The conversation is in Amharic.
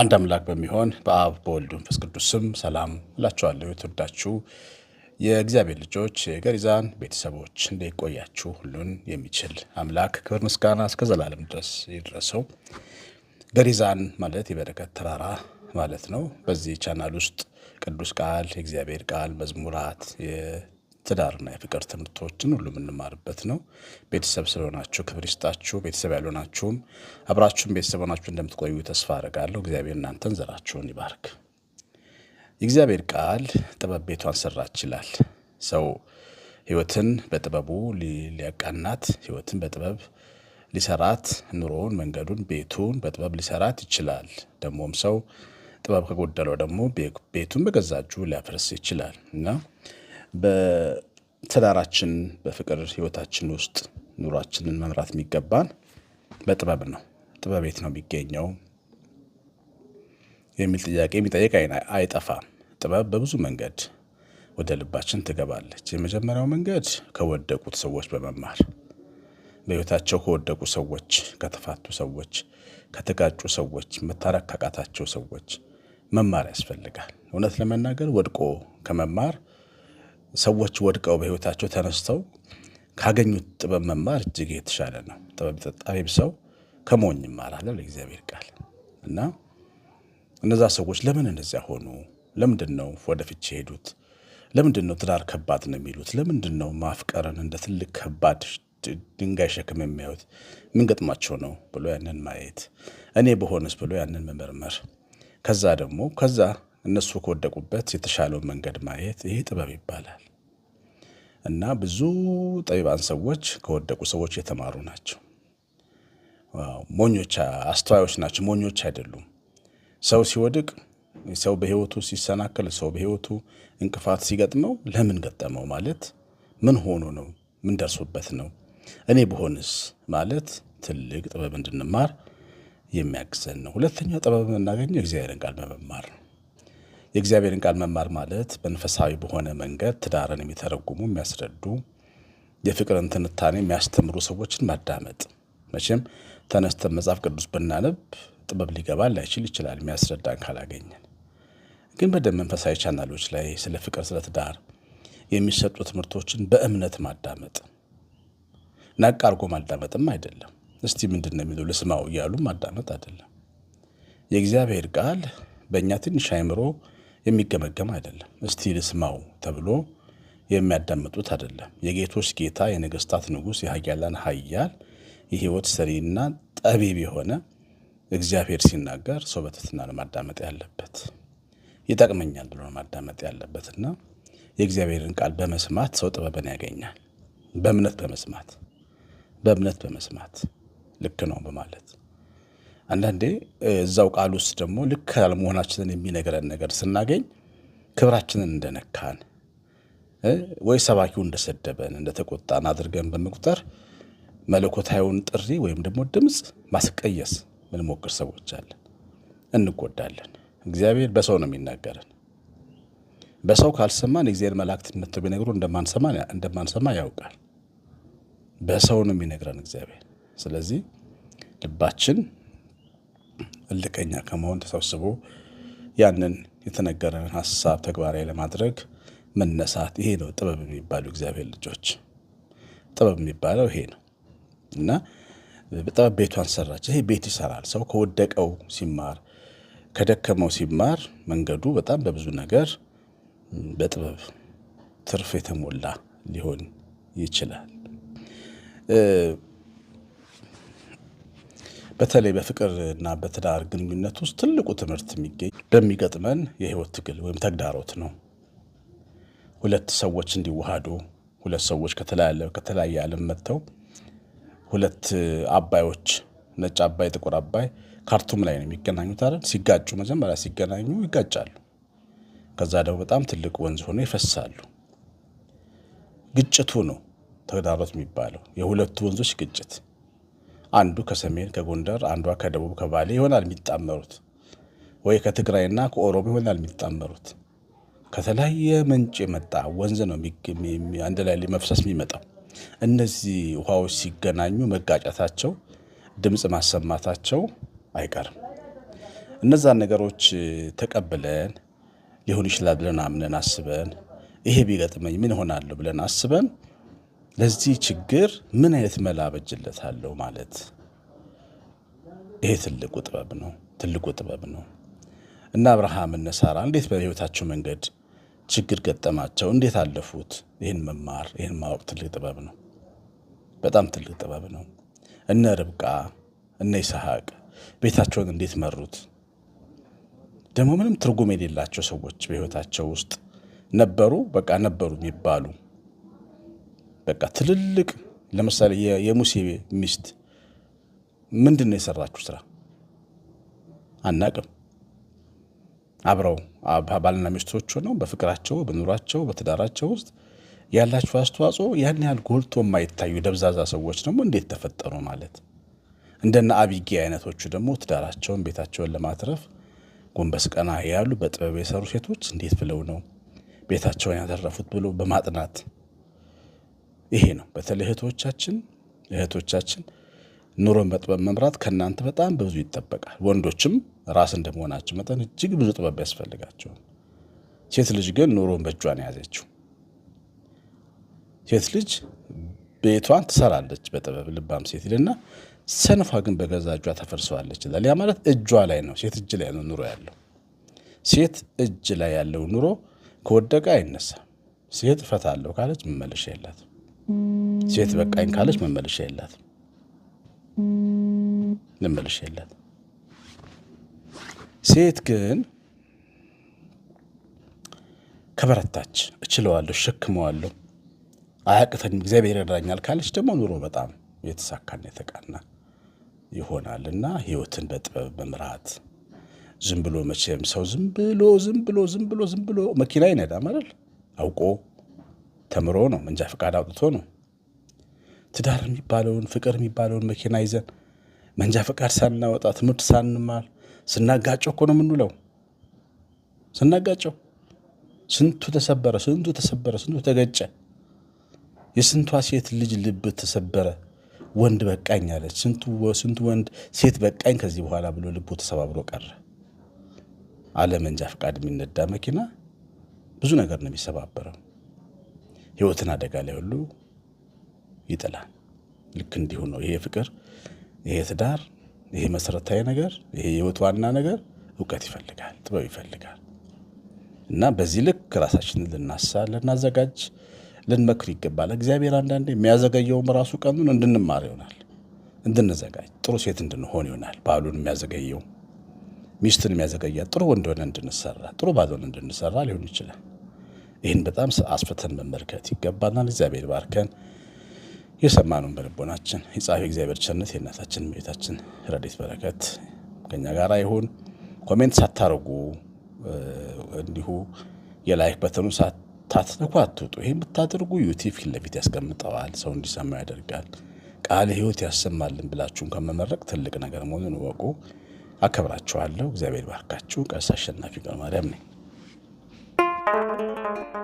አንድ አምላክ በሚሆን በአብ በወልድ መንፈስ ቅዱስ ስም ሰላም እላችኋለሁ። የተወዳችሁ የእግዚአብሔር ልጆች የገሪዛን ቤተሰቦች እንደይቆያችሁ። ሁሉን የሚችል አምላክ ክብር ምስጋና እስከ ዘላለም ድረስ ይድረሰው። ገሪዛን ማለት የበረከት ተራራ ማለት ነው። በዚህ ቻናል ውስጥ ቅዱስ ቃል፣ የእግዚአብሔር ቃል፣ መዝሙራት፣ የትዳርና የፍቅር ትምህርቶችን ሁሉ የምንማርበት ነው። ቤተሰብ ስለሆናችሁ ክብር ይስጣችሁ። ቤተሰብ ያልሆናችሁም አብራችሁም ቤተሰብ ሆናችሁ እንደምትቆዩ ተስፋ አደርጋለሁ። እግዚአብሔር እናንተን ዘራችሁን ይባርክ። የእግዚአብሔር ቃል ጥበብ ቤቷን ሰራች ይላል። ሰው ህይወትን በጥበቡ ሊያቃናት ህይወትን በጥበብ ሊሰራት ኑሮውን፣ መንገዱን፣ ቤቱን በጥበብ ሊሰራት ይችላል። ደግሞም ሰው ጥበብ ከጎደለው ደግሞ ቤቱን በገዛ እጁ ሊያፈርስ ይችላል እና በትዳራችን በፍቅር ህይወታችን ውስጥ ኑሯችንን መምራት የሚገባን በጥበብ ነው። ጥበብ የት ነው የሚገኘው የሚል ጥያቄ የሚጠይቅ አይጠፋም። ጥበብ በብዙ መንገድ ወደ ልባችን ትገባለች። የመጀመሪያው መንገድ ከወደቁት ሰዎች በመማር በህይወታቸው ከወደቁ ሰዎች፣ ከተፋቱ ሰዎች፣ ከተጋጩ ሰዎች፣ መታረቅ ካቃታቸው ሰዎች መማር ያስፈልጋል። እውነት ለመናገር ወድቆ ከመማር ሰዎች ወድቀው በህይወታቸው ተነስተው ካገኙት ጥበብ መማር እጅግ የተሻለ ነው። ጥበብ ጠጣቢም ሰው ከሞኝ ይማራል ለእግዚአብሔር ቃል እና እነዛ ሰዎች ለምን እንደዚያ ሆኑ? ለምንድን ነው ወደፊት የሄዱት? ለምንድን ነው ትዳር ከባድ ነው የሚሉት? ለምንድን ነው ማፍቀርን እንደ ትልቅ ከባድ ድንጋይ ሸክም የሚያዩት? ምን ገጥማቸው ነው ብሎ ያንን ማየት፣ እኔ በሆነስ ብሎ ያንን መመርመር ከዛ ደግሞ ከዛ እነሱ ከወደቁበት የተሻለውን መንገድ ማየት ይሄ ጥበብ ይባላል። እና ብዙ ጠቢባን ሰዎች ከወደቁ ሰዎች የተማሩ ናቸው። ሞኞች አስተዋዮች ናቸው፣ ሞኞች አይደሉም። ሰው ሲወድቅ፣ ሰው በህይወቱ ሲሰናከል፣ ሰው በህይወቱ እንቅፋት ሲገጥመው ለምን ገጠመው ማለት ምን ሆኖ ነው? ምን ደርሶበት ነው? እኔ ብሆንስ ማለት ትልቅ ጥበብ እንድንማር የሚያግዘን ነው። ሁለተኛው ጥበብ የምናገኘው የእግዚአብሔርን ቃል በመማር ነው። የእግዚአብሔርን ቃል መማር ማለት መንፈሳዊ በሆነ መንገድ ትዳርን የሚተረጉሙ የሚያስረዱ፣ የፍቅርን ትንታኔ የሚያስተምሩ ሰዎችን ማዳመጥ። መቼም ተነስተን መጽሐፍ ቅዱስ ብናነብ ጥበብ ሊገባ ላይችል ይችላል፣ የሚያስረዳን ካላገኘን ግን በደንብ መንፈሳዊ ቻናሎች ላይ ስለ ፍቅር፣ ስለ ትዳር የሚሰጡ ትምህርቶችን በእምነት ማዳመጥ ናቅ አርጎ ማዳመጥም አይደለም። እስቲ ምንድን ነው የሚለው ልስማው እያሉ ማዳመጥ አይደለም። የእግዚአብሔር ቃል በእኛ ትንሽ አይምሮ የሚገመገም አይደለም። እስቲ ልስማው ተብሎ የሚያዳምጡት አይደለም። የጌቶች ጌታ የነገስታት ንጉስ የሀያላን ሀያል፣ የህይወት ሰሪና ጠቢብ የሆነ እግዚአብሔር ሲናገር ሰው በትህትና ነው ማዳመጥ ያለበት። ይጠቅመኛል ብሎ ማዳመጥ ያለበትና የእግዚአብሔርን ቃል በመስማት ሰው ጥበብን ያገኛል። በእምነት በመስማት በእምነት በመስማት ልክ ነው በማለት አንዳንዴ እዛው ቃል ውስጥ ደግሞ ልክ ያለመሆናችንን የሚነግረን ነገር ስናገኝ ክብራችንን እንደነካን ወይ ሰባኪው እንደሰደበን እንደተቆጣን አድርገን በመቁጠር መለኮታዊውን ጥሪ ወይም ደግሞ ድምፅ ማስቀየስ ምንሞክር ሰዎች አለን። እንጎዳለን። እግዚአብሔር በሰው ነው የሚናገረን። በሰው ካልሰማን የእግዚአብሔር መላእክት መጥተው ቢነግሩ እንደማንሰማ ያውቃል። በሰው ነው የሚነግረን እግዚአብሔር። ስለዚህ ልባችን እልቀኛ ከመሆን ተሰብስቦ ያንን የተነገረን ሀሳብ ተግባራዊ ለማድረግ መነሳት፣ ይሄ ነው ጥበብ የሚባሉ እግዚአብሔር ልጆች። ጥበብ የሚባለው ይሄ ነው እና ጥበብ ቤቷን ሰራች። ይሄ ቤት ይሰራል። ሰው ከወደቀው ሲማር፣ ከደከመው ሲማር መንገዱ በጣም በብዙ ነገር በጥበብ ትርፍ የተሞላ ሊሆን ይችላል። በተለይ በፍቅር እና በትዳር ግንኙነት ውስጥ ትልቁ ትምህርት የሚገኝ በሚገጥመን የህይወት ትግል ወይም ተግዳሮት ነው። ሁለት ሰዎች እንዲዋሃዱ ሁለት ሰዎች ከተለያየ ዓለም መጥተው ሁለት አባዮች ነጭ አባይ ጥቁር አባይ ካርቱም ላይ ነው የሚገናኙት አይደል? ሲጋጩ መጀመሪያ ሲገናኙ ይጋጫሉ። ከዛ ደግሞ በጣም ትልቅ ወንዝ ሆኖ ይፈሳሉ። ግጭቱ ነው ተግዳሮት የሚባለው የሁለቱ ወንዞች ግጭት አንዱ ከሰሜን ከጎንደር አንዷ ከደቡብ ከባሌ ይሆናል የሚጣመሩት፣ ወይ ከትግራይና ከኦሮሞ ይሆናል የሚጣመሩት። ከተለያየ ምንጭ የመጣ ወንዝ ነው አንድ ላይ መፍሰስ የሚመጣው። እነዚህ ውሃዎች ሲገናኙ መጋጨታቸው፣ ድምፅ ማሰማታቸው አይቀርም። እነዛን ነገሮች ተቀብለን ሊሆን ይችላል ብለን አምነን አስበን ይሄ ቢገጥመኝ ምን ሆናለሁ ብለን አስበን ለዚህ ችግር ምን አይነት መላ በጅለታለሁ ማለት ይሄ ትልቁ ጥበብ ነው። ትልቁ ጥበብ ነው እና አብርሃም እነ ሳራ እንዴት በህይወታቸው መንገድ ችግር ገጠማቸው? እንዴት አለፉት? ይህን መማር ይህን ማወቅ ትልቅ ጥበብ ነው። በጣም ትልቅ ጥበብ ነው። እነ ርብቃ እነ ይስሐቅ ቤታቸውን እንዴት መሩት? ደግሞ ምንም ትርጉም የሌላቸው ሰዎች በህይወታቸው ውስጥ ነበሩ፣ በቃ ነበሩ የሚባሉ በቃ ትልልቅ ለምሳሌ የሙሴ ሚስት ምንድን ነው የሰራችሁ ስራ አናቅም። አብረው ባልና ሚስቶች ነው በፍቅራቸው በኑሯቸው በትዳራቸው ውስጥ ያላቸው አስተዋጽኦ ያን ያህል ጎልቶ የማይታዩ ደብዛዛ ሰዎች ደግሞ እንዴት ተፈጠሩ ማለት እንደነ አቢጌ አይነቶቹ ደግሞ ትዳራቸውን ቤታቸውን ለማትረፍ ጎንበስ ቀና ያሉ በጥበብ የሰሩ ሴቶች እንዴት ብለው ነው ቤታቸውን ያተረፉት ብሎ በማጥናት ይሄ ነው። በተለይ እህቶቻችን እህቶቻችን ኑሮን በጥበብ መምራት ከእናንተ በጣም ብዙ ይጠበቃል። ወንዶችም ራስ እንደመሆናቸው መጠን እጅግ ብዙ ጥበብ ያስፈልጋቸዋል። ሴት ልጅ ግን ኑሮን በእጇን የያዘችው ሴት ልጅ ቤቷን ትሰራለች በጥበብ ልባም ሴት ይልና ሰንፏ ግን በገዛ እጇ ተፈርሰዋለች ይላል። ያ ማለት እጇ ላይ ነው፣ ሴት እጅ ላይ ነው ኑሮ ያለው። ሴት እጅ ላይ ያለው ኑሮ ከወደቀ አይነሳ። ሴት እፈታለሁ ካለች መመለሻ የላትም። ሴት በቃኝ ካለች መመለሻ የላት መመለሻ የላት። ሴት ግን ከበረታች እችለዋለሁ፣ ሸክመዋለሁ፣ አያቅተኝም፣ እግዚአብሔር ይረዳኛል ካለች ደግሞ ኑሮ በጣም የተሳካና የተቃና ይሆናል እና ህይወትን በጥበብ በምርሃት ዝም ብሎ መቼም ሰው ዝም ብሎ ዝም ብሎ ዝም ብሎ ዝም ብሎ መኪና ይነዳ ማለት አውቆ ተምሮ ነው መንጃ ፈቃድ አውጥቶ ነው። ትዳር የሚባለውን ፍቅር የሚባለውን መኪና ይዘን መንጃ ፈቃድ ሳናወጣ ትምህርት ሳንማር ስናጋጨው እኮ ነው የምንውለው። ስናጋጨው ስንቱ ተሰበረ፣ ስንቱ ተሰበረ፣ ስንቱ ተገጨ። የስንቷ ሴት ልጅ ልብ ተሰበረ። ወንድ በቃኝ አለች። ስንቱ ወንድ ሴት በቃኝ ከዚህ በኋላ ብሎ ልቡ ተሰባብሮ ቀረ። አለ መንጃ ፈቃድ የሚነዳ መኪና ብዙ ነገር ነው የሚሰባበረው። ህይወትን አደጋ ላይ ሁሉ ይጥላል። ልክ እንዲሁ ነው ይሄ ፍቅር፣ ይሄ ትዳር፣ ይሄ መሰረታዊ ነገር፣ ይሄ ህይወት ዋና ነገር እውቀት ይፈልጋል፣ ጥበብ ይፈልጋል። እና በዚህ ልክ ራሳችንን ልናሳ ልናዘጋጅ ልንመክር ይገባል። እግዚአብሔር አንዳንዴ የሚያዘገየውም ራሱ ቀኑን እንድንማር ይሆናል፣ እንድንዘጋጅ ጥሩ ሴት እንድንሆን ይሆናል። ባሉን የሚያዘገየው ሚስትን የሚያዘገያት ጥሩ እንደሆነ እንድንሰራ ጥሩ ባልሆነ እንድንሰራ ሊሆን ይችላል። ይህን በጣም አስፍተን መመልከት ይገባናል። እግዚአብሔር ባርከን የሰማኑን በልቦናችን የጻፊ እግዚአብሔር ቸርነት የእናታችን ቤታችን ረድኤት በረከት ከኛ ጋር ይሁን። ኮሜንት ሳታርጉ እንዲሁ የላይክ በተኑ ሳታትነኩ አትውጡ። ይህም ብታደርጉ ዩቲ ፊት ለፊት ያስቀምጠዋል፣ ሰው እንዲሰማው ያደርጋል። ቃል ሕይወት ያሰማልን ብላችሁን ከመመረቅ ትልቅ ነገር መሆኑን እወቁ። አከብራችኋለሁ። እግዚአብሔር ባርካችሁ። ቀሲስ አሸናፊ ገብረ ማርያም ነኝ። Thank you.